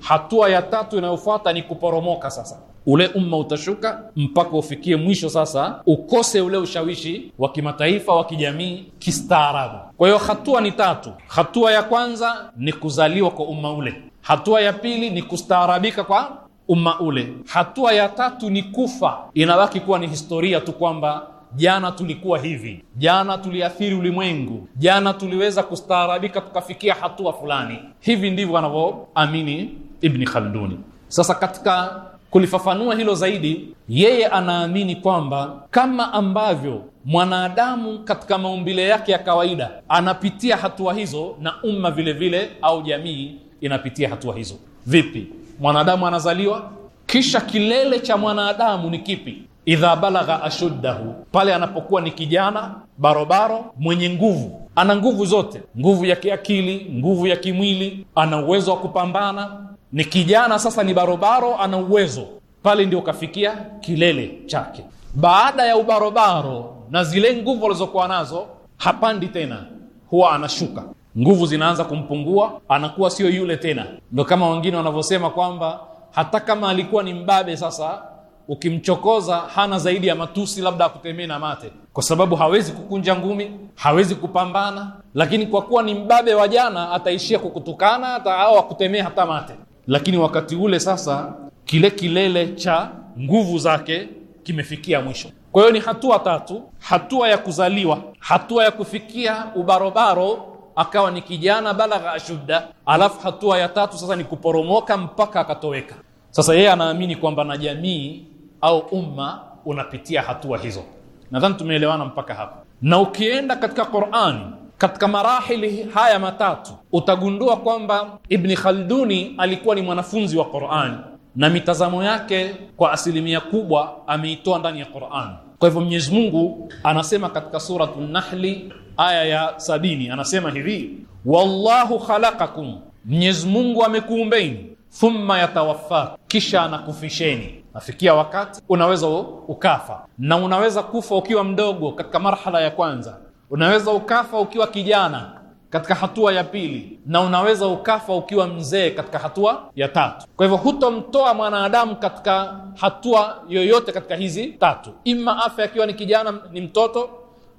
hatua ya tatu inayofuata ni kuporomoka. Sasa ule umma utashuka mpaka ufikie mwisho, sasa ukose ule ushawishi wa kimataifa, wa kijamii, kistaarabu. Kwa hiyo hatua ni tatu. Hatua ya kwanza ni kuzaliwa kwa umma ule, hatua ya pili ni kustaarabika kwa umma ule, hatua ya tatu ni kufa. Inabaki kuwa ni historia tu kwamba Jana tulikuwa hivi, jana tuliathiri ulimwengu, jana tuliweza kustaarabika tukafikia hatua fulani. Hivi ndivyo anavyoamini ibni Khalduni. Sasa katika kulifafanua hilo zaidi, yeye anaamini kwamba kama ambavyo mwanadamu katika maumbile yake ya kawaida anapitia hatua hizo, na umma vilevile vile au jamii inapitia hatua hizo. Vipi? Mwanadamu anazaliwa, kisha kilele cha mwanadamu ni kipi? idha balagha ashuddahu, pale anapokuwa ni kijana barobaro mwenye nguvu, ana nguvu zote, nguvu ya kiakili, nguvu ya kimwili, ana uwezo wa kupambana. Ni kijana sasa, ni barobaro, ana uwezo pale, ndio kafikia kilele chake. Baada ya ubarobaro na zile nguvu alizokuwa nazo, hapandi tena, huwa anashuka nguvu zinaanza kumpungua, anakuwa sio yule tena. Ndo kama wengine wanavyosema kwamba hata kama alikuwa ni mbabe, sasa ukimchokoza hana zaidi ya matusi, labda akutemee na mate, kwa sababu hawezi kukunja ngumi, hawezi kupambana. Lakini kwa kuwa ni mbabe wa jana, ataishia kukutukana hata au akutemee hata mate. Lakini wakati ule sasa, kile kilele cha nguvu zake kimefikia mwisho. Kwa hiyo ni hatua tatu: hatua ya kuzaliwa, hatua ya kufikia ubarobaro akawa ni kijana balagha ashudda, alafu hatua ya tatu sasa ni kuporomoka mpaka akatoweka. Sasa yeye anaamini kwamba na jamii au umma unapitia hatua hizo. Nadhani tumeelewana mpaka hapa. Na ukienda katika Qur'ani katika marahili haya matatu utagundua kwamba Ibni Khalduni alikuwa ni mwanafunzi wa Qur'ani na mitazamo yake kwa asilimia kubwa ameitoa ndani ya Qur'ani. Kwa hivyo Mwenyezi Mungu anasema katika suratu Nahli aya ya sabini anasema hivi, wallahu khalaqakum, Mwenyezi Mungu amekuumbeni, thumma yatawaffa, kisha anakufisheni nafikia wakati unaweza ukafa, na unaweza kufa ukiwa mdogo katika marhala ya kwanza, unaweza ukafa ukiwa kijana katika hatua ya pili, na unaweza ukafa ukiwa mzee katika hatua ya tatu. Kwa hivyo hutomtoa mwanadamu katika hatua yoyote katika hizi tatu, ima afya akiwa ni kijana, ni mtoto,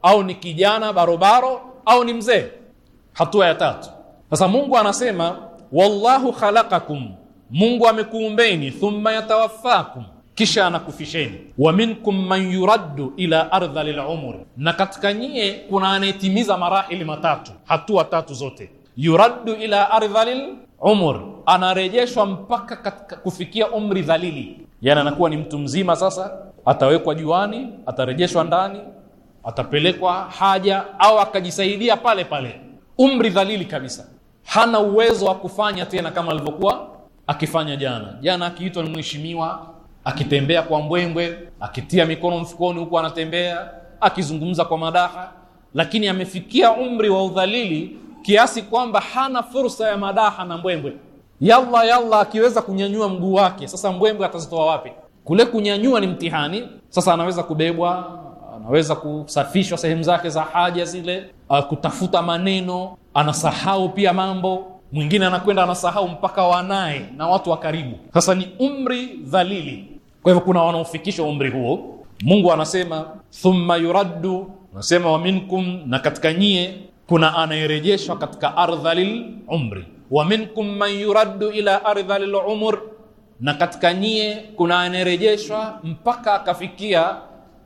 au ni kijana barobaro, au ni mzee, hatua ya tatu. Sasa Mungu anasema wallahu khalaqakum Mungu amekuumbeni, thumma yatawaffakum, kisha anakufisheni. Wa minkum man yuraddu ila ardhali lumur, na katika nyie kuna anayetimiza marahili matatu, hatua tatu zote. Yuraddu ila ardhali lumur, anarejeshwa mpaka katika kufikia umri dhalili, yani anakuwa ni mtu mzima sasa. Atawekwa juani, atarejeshwa ndani, atapelekwa haja au akajisaidia pale pale, umri dhalili kabisa, hana uwezo wa kufanya tena kama alivyokuwa akifanya jana jana, akiitwa ni mheshimiwa, akitembea kwa mbwembwe, akitia mikono mfukoni huku anatembea, akizungumza kwa madaha, lakini amefikia umri wa udhalili kiasi kwamba hana fursa ya madaha na mbwembwe. Yalla yalla, akiweza kunyanyua mguu wake, sasa mbwembwe atazitoa wapi? Kule kunyanyua ni mtihani. Sasa anaweza kubebwa, anaweza kusafishwa sehemu zake za haja zile, uh, kutafuta maneno, anasahau pia mambo mwingine anakwenda anasahau mpaka wanaye na watu wa karibu. Sasa ni umri dhalili. Kwa hivyo kuna wanaofikisha umri huo. Mungu anasema thumma yuraddu, anasema wa minkum, na katika nyie kuna anayerejeshwa katika ardhalil umri. Wa minkum man yuraddu ila ardhalil umur, na katika nyie kuna anayerejeshwa mpaka akafikia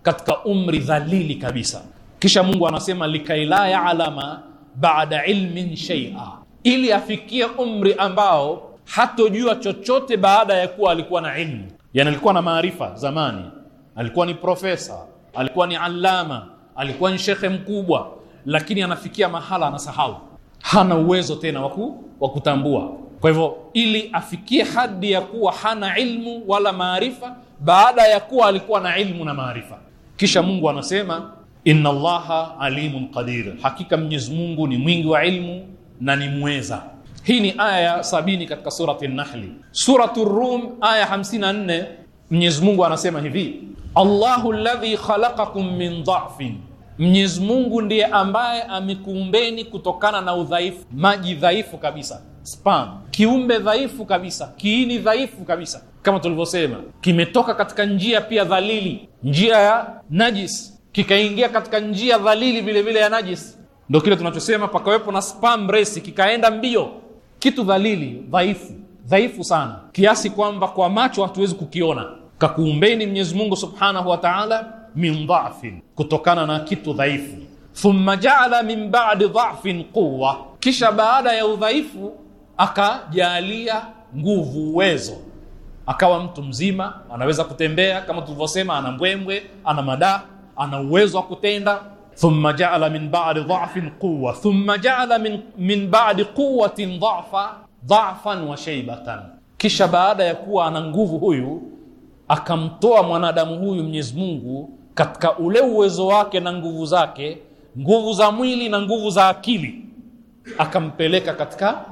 katika umri dhalili kabisa. Kisha Mungu anasema likailaya alama baada ilmin shay'a ili afikie umri ambao hatojua chochote baada ya kuwa alikuwa na ilmu, yani alikuwa na maarifa zamani, alikuwa ni profesa, alikuwa ni alama, alikuwa ni shekhe mkubwa, lakini anafikia mahala anasahau, hana uwezo tena wa kutambua. Kwa hivyo ili afikie hadi ya kuwa hana ilmu wala maarifa baada ya kuwa alikuwa na ilmu na maarifa. Kisha Mungu anasema inna Allaha alimun qadir, hakika Mwenyezi Mungu ni mwingi wa ilmu na ni mweza. Hii ni aya ya sabini katika surati Nahli. Suratu Rum aya 54, Mwenyezi Mungu anasema hivi, Allahu ladhi khalaqakum min dha'fin, Mwenyezi Mungu ndiye ambaye amekuumbeni kutokana na udhaifu, maji dhaifu kabisa Span, kiumbe dhaifu kabisa, kiini dhaifu kabisa, kama tulivyosema, kimetoka katika njia pia dhalili, njia ya najis, kikaingia katika njia dhalili vilevile ya najis ndo kile tunachosema pakawepo na spam race, kikaenda mbio, kitu dhalili, dhaifu, dhaifu sana kiasi kwamba kwa macho hatuwezi kukiona. Kakuumbeni Mwenyezi Mungu Subhanahu wa Ta'ala min dhafin, kutokana na kitu dhaifu. Thumma jaala min ba'di dhafin quwwa, kisha baada ya udhaifu akajalia nguvu, uwezo akawa mtu mzima, anaweza kutembea kama tulivyosema, ana mbwembwe, ana madaa, ana uwezo wa kutenda thumma jaala min ba'di dha'fin quwa thumma jaala min, min ba'di quwatin dha'fa dha'fan wa shaibatan, kisha baada ya kuwa ana nguvu huyu akamtoa mwanadamu huyu Mwenyezi Mungu katika ule uwezo wake na nguvu zake, nguvu za mwili na nguvu za akili, akampeleka katika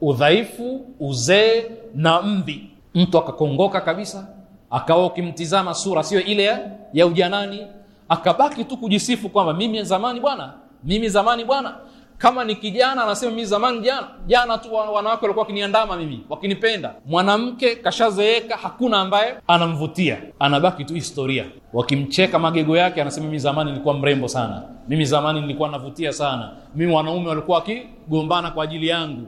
udhaifu, uzee na mdhi. Mtu akakongoka kabisa, akawa ukimtizama sura siyo ile ya ujanani akabaki tu kujisifu kwamba mimi zamani bwana mimi zamani bwana kama ni kijana anasema mimi zamani jana jana tu wanawake walikuwa wakiniandama mimi wakinipenda mwanamke kashazeeka hakuna ambaye anamvutia anabaki tu historia wakimcheka magego yake anasema mimi zamani nilikuwa mrembo sana mimi zamani nilikuwa navutia sana mimi wanaume walikuwa wakigombana kwa ajili yangu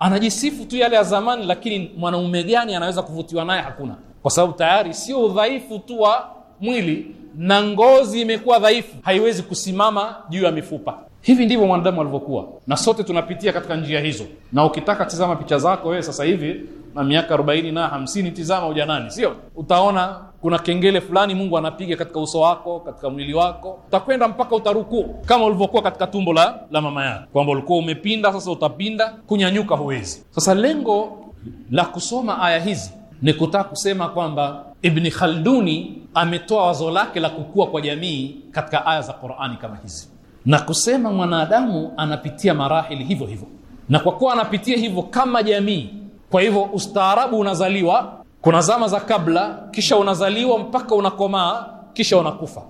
anajisifu tu yale ya zamani lakini mwanaume gani anaweza kuvutiwa naye hakuna kwa sababu tayari sio udhaifu tu wa mwili na ngozi imekuwa dhaifu, haiwezi kusimama juu ya mifupa. Hivi ndivyo mwanadamu alivyokuwa, na sote tunapitia katika njia hizo. Na ukitaka tizama picha zako wewe sasa hivi na miaka arobaini na hamsini, tizama ujanani, sio utaona kuna kengele fulani Mungu anapiga katika uso wako, katika mwili wako, utakwenda mpaka utarukuu kama ulivyokuwa katika tumbo la, la mama yako, kwamba ulikuwa umepinda, sasa utapinda, kunyanyuka huwezi. Sasa lengo la kusoma aya hizi ni kutaka kusema kwamba Ibni Khalduni ametoa wazo lake la kukua kwa jamii katika aya za Qur'ani kama hizi, na kusema mwanadamu anapitia marahili hivyo hivyo, na kwa kuwa anapitia hivyo kama jamii, kwa hivyo ustaarabu unazaliwa, kuna zama za kabla, kisha unazaliwa mpaka unakomaa, kisha unakufa.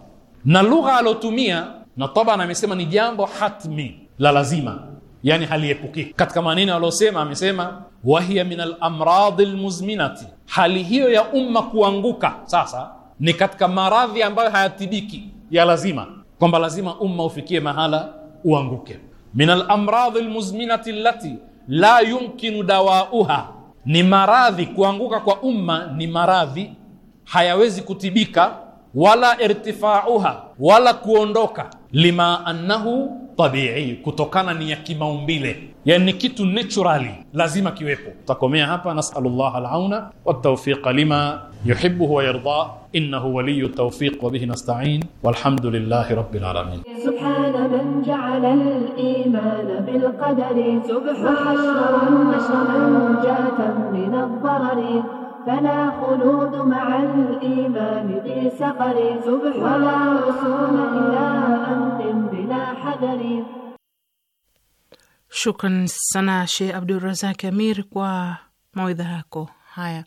Na lugha aliotumia na tabana, amesema ni jambo hatmi la lazima yani haliepukiki. Katika maneno aliyosema amesema, wahiya min alamradi lmuzminati hali hiyo ya umma kuanguka sasa ni katika maradhi ambayo hayatibiki ya lazima, kwamba lazima umma ufikie mahala uanguke. Min alamradhi lmuzminati allati la yumkinu dawauha, ni maradhi. Kuanguka kwa umma ni maradhi, hayawezi kutibika wala irtifauha, wala kuondoka lima annahu tabii kutokana ni ya kimaumbile yani kitu naturally lazima kiwepo takomea hapa nasalullah alauna والتوفيق لما يحبه ويرضى إنه ولي التوفيق وبه نستعين والحمد لله رب العالمين سبحان من جعل الإيمان بالقدر سبحان وحشرا نشرا جاتا من الضرر فلا خلود مع الإيمان في سقر زبح ولا وصول إلى أنت بلا حذر Shukran sana sheh Abdurazak Amir kwa mawaidha yako haya,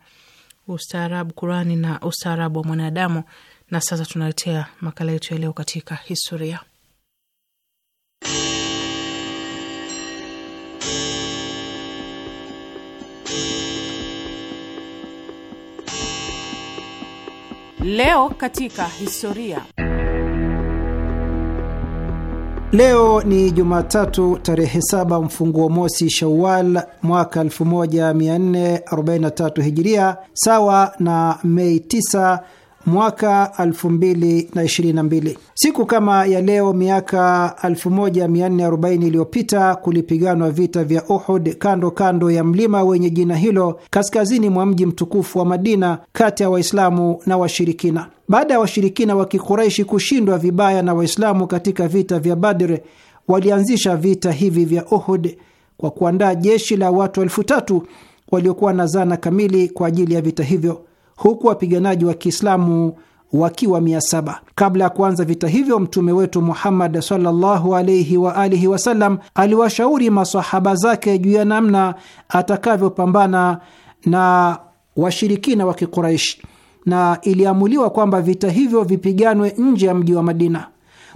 ustaarabu qurani na ustaarabu wa mwanadamu. Na sasa tunaletea makala yetu ya leo katika historia Leo katika historia. Leo ni Jumatatu tarehe saba mfunguo mosi Shawal mwaka 1443 hijiria sawa na Mei 9 mwaka 2022. Siku kama ya leo miaka 1440 iliyopita kulipiganwa vita vya Uhud kando kando ya mlima wenye jina hilo kaskazini mwa mji mtukufu wa Madina kati ya Waislamu na washirikina. Baada ya washirikina wa Kikuraishi kushindwa vibaya na Waislamu katika vita vya Badr, walianzisha vita hivi vya Uhud kwa kuandaa jeshi la watu elfu tatu waliokuwa na zana kamili kwa ajili ya vita hivyo huku wapiganaji wa Kiislamu wakiwa mia saba. Kabla ya kuanza vita hivyo, mtume wetu Muhammad sallallahu alaihi wa alihi wasallam aliwashauri masahaba zake juu ya namna atakavyopambana na washirikina wa Kikuraishi, na iliamuliwa kwamba vita hivyo vipiganwe nje ya mji wa Madina.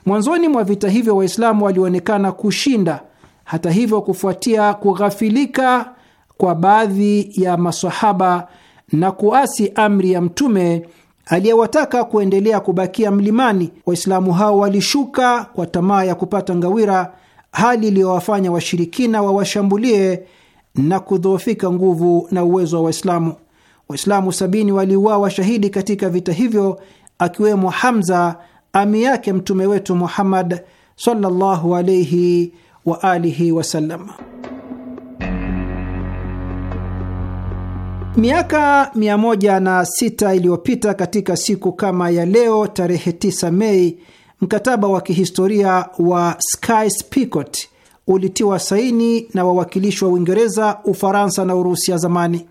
Mwanzoni mwa vita hivyo Waislamu walionekana kushinda. Hata hivyo, kufuatia kughafilika kwa baadhi ya masahaba na kuasi amri ya Mtume aliyewataka kuendelea kubakia mlimani. Waislamu hao walishuka kwa tamaa ya kupata ngawira, hali iliyowafanya washirikina wawashambulie na kudhoofika nguvu na uwezo wa Waislamu. Waislamu sabini waliuawa shahidi katika vita hivyo, akiwemo Hamza, ami yake mtume wetu Muhammad sallallahu alaihi wa alihi wasallam. Miaka 106 iliyopita katika siku kama ya leo tarehe 9 Mei, mkataba wa kihistoria wa Sykes-Picot ulitiwa saini na wawakilishi wa Uingereza, Ufaransa na Urusi ya zamani.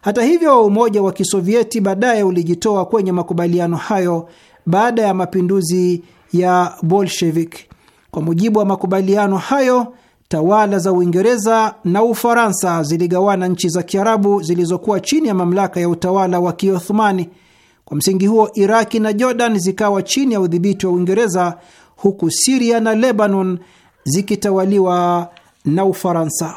Hata hivyo, Umoja wa Kisovieti baadaye ulijitoa kwenye makubaliano hayo baada ya mapinduzi ya Bolshevik. Kwa mujibu wa makubaliano hayo tawala za Uingereza na Ufaransa ziligawana nchi za Kiarabu zilizokuwa chini ya mamlaka ya utawala wa Kiothmani. Kwa msingi huo, Iraki na Jordan zikawa chini ya udhibiti wa Uingereza, huku Siria na Lebanon zikitawaliwa na Ufaransa.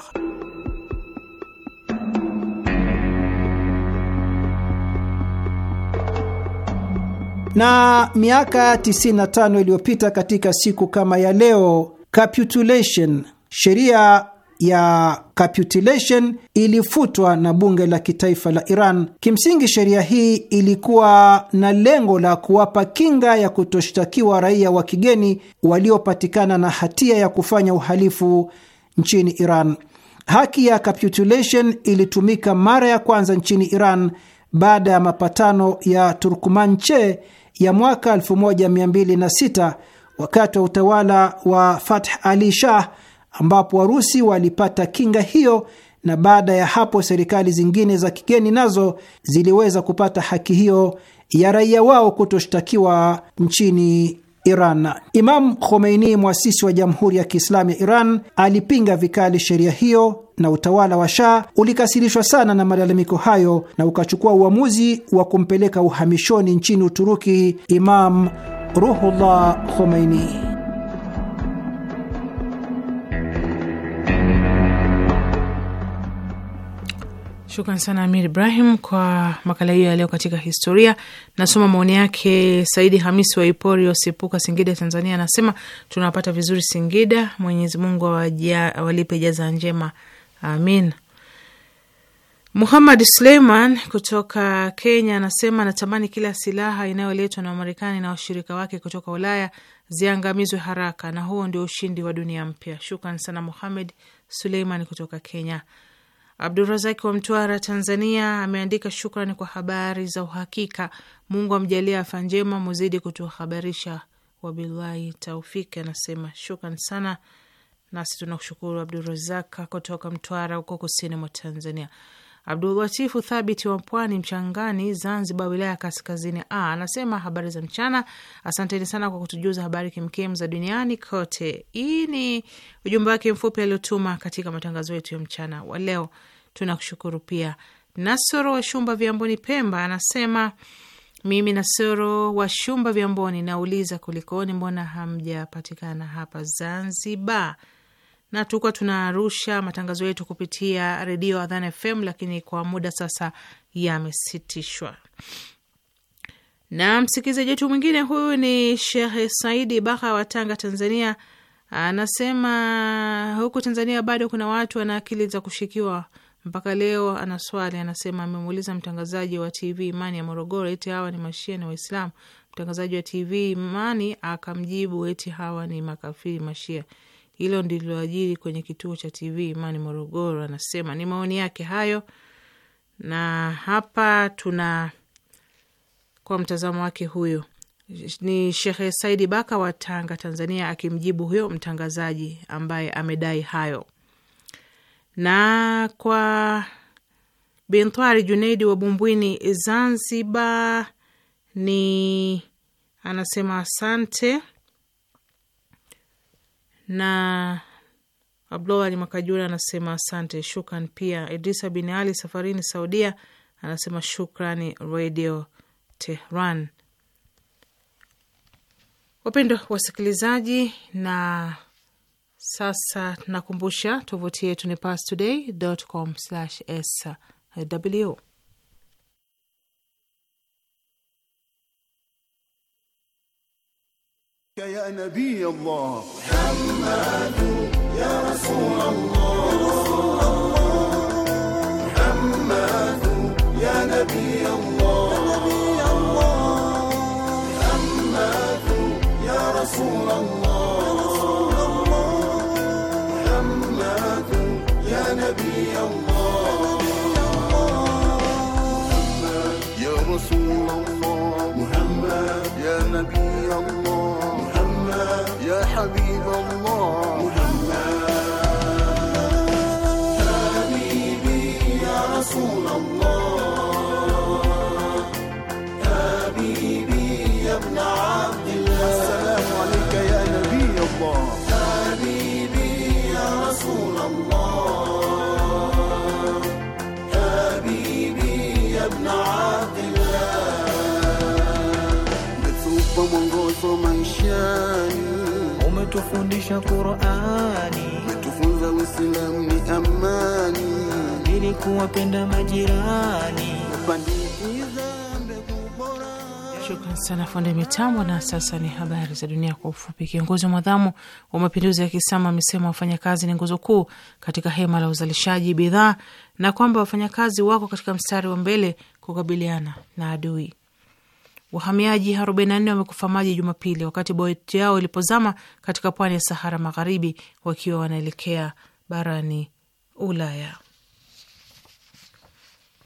Na miaka 95 iliyopita katika siku kama ya leo, capitulation Sheria ya capitulation ilifutwa na bunge la kitaifa la Iran. Kimsingi, sheria hii ilikuwa na lengo la kuwapa kinga ya kutoshtakiwa raia wa kigeni waliopatikana na hatia ya kufanya uhalifu nchini Iran. Haki ya capitulation ilitumika mara ya kwanza nchini Iran baada ya mapatano ya Turkumanche ya mwaka 1206 wakati wa utawala wa Fath Ali Shah ambapo Warusi walipata kinga hiyo, na baada ya hapo serikali zingine za kigeni nazo ziliweza kupata haki hiyo ya raia wao kutoshtakiwa nchini Iran. Imam Khomeini, mwasisi wa Jamhuri ya Kiislamu ya Iran, alipinga vikali sheria hiyo na utawala wa Shah ulikasirishwa sana na malalamiko hayo na ukachukua uamuzi wa kumpeleka uhamishoni nchini Uturuki Imam Ruhullah Khomeini. Shukran sana Amir Ibrahim kwa makala hiyo ya leo katika historia. Nasoma maoni yake. Saidi Hamisi wa Ipori Osepuka, Singida, Tanzania, anasema tunawapata vizuri Singida. Mwenyezi Mungu awalipe jaza njema, amin. Muhammad Suleiman kutoka Kenya anasema natamani kila silaha inayoletwa na Wamarekani na washirika wake kutoka Ulaya ziangamizwe haraka, na huo ndio ushindi wa dunia mpya. Shukran sana Muhammad Suleiman kutoka Kenya. Abdurazaki wa Mtwara, Tanzania, ameandika shukrani kwa habari za uhakika. Mungu amjalie afa njema, muzidi kutuhabarisha. Wabillahi taufiki, anasema shukran sana. Nasi tunakushukuru Abdurazaka kutoka Mtwara huko kusini mwa Tanzania abdulwatifu Thabiti wa Pwani, Mchangani, Zanzibar, wilaya ya Kaskazini A, anasema habari za mchana. Asanteni sana kwa kutujuza habari kemkem za duniani kote. Hii ni ujumbe wake mfupi aliotuma katika matangazo yetu ya mchana wa leo. Tunakushukuru pia. Nasoro wa Shumba Vyamboni, Pemba, anasema mimi Nasoro wa Shumba Vyamboni nauliza kulikoni, mbona hamjapatikana hapa Zanzibar? na tulikuwa tunarusha matangazo yetu kupitia redio Adhan FM, lakini kwa muda sasa yamesitishwa. Na msikilizaji wetu mwingine huyu ni Shekhe Saidi Baha wa Tanga, Tanzania, anasema huku Tanzania bado kuna watu wana akili za kushikiwa mpaka leo. Ana swali, anasema amemuuliza mtangazaji wa TV Imani ya Morogoro eti hawa ni mashia ni Waislamu. Mtangazaji wa TV Imani akamjibu eti hawa ni makafiri mashia. Hilo ndiloajiri kwenye kituo cha TV Imani Morogoro, anasema ni maoni yake hayo. Na hapa tuna kwa mtazamo wake huyo ni Shekhe Saidi Baka wa Tanga, Tanzania, akimjibu huyo mtangazaji ambaye amedai hayo. Na kwa Bintwari Juneidi wa Bumbwini, Zanzibar, ni anasema asante na Abdullah Makajura anasema asante, shukran. Pia Idrisa bin Ali safarini Saudia anasema shukrani Radio Tehran. Wapendwa wasikilizaji, na sasa nakumbusha tovuti yetu ni pastoday.com/sw ك يا نبي الله محمد يا رسول الله محمد يا نبي الله watufundisha Qur'ani, watufunza Uislamu ni amani, ili kuwapenda majirani. Shukran sana fundi mitambo. Na sasa ni habari za dunia kwa ufupi. Kiongozi mwadhamu wa mapinduzi ya Kiislamu amesema wafanyakazi ni nguzo kuu katika hema la uzalishaji bidhaa na kwamba wafanyakazi wako katika mstari wa mbele kukabiliana na adui. Wahamiaji 44 wamekufa maji Jumapili wakati boti yao ilipozama katika pwani ya Sahara Magharibi wakiwa wanaelekea barani Ulaya.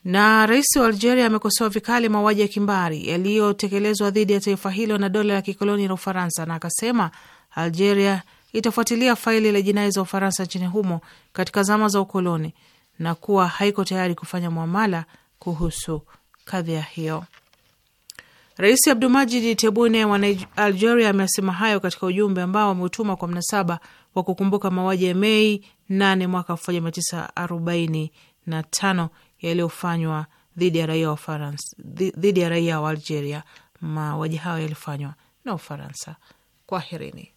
Na rais wa Algeria amekosoa vikali mauaji ya kimbari yaliyotekelezwa dhidi ya taifa hilo na dola ya kikoloni la Ufaransa, na akasema Algeria itafuatilia faili la jinai za Ufaransa nchini humo katika zama za ukoloni na kuwa haiko tayari kufanya mwamala kuhusu kadhia hiyo. Rais Abdumajid Tebune wa Algeria amesema hayo katika ujumbe ambao ameutuma kwa mnasaba wa kukumbuka mauaji ya Mei 8 mwaka 1945 yaliyofanywa dhidi ya raia wa Ufaransa, dhidi ya raia wa Algeria. Mauaji hayo yalifanywa na Ufaransa. Kwaherini.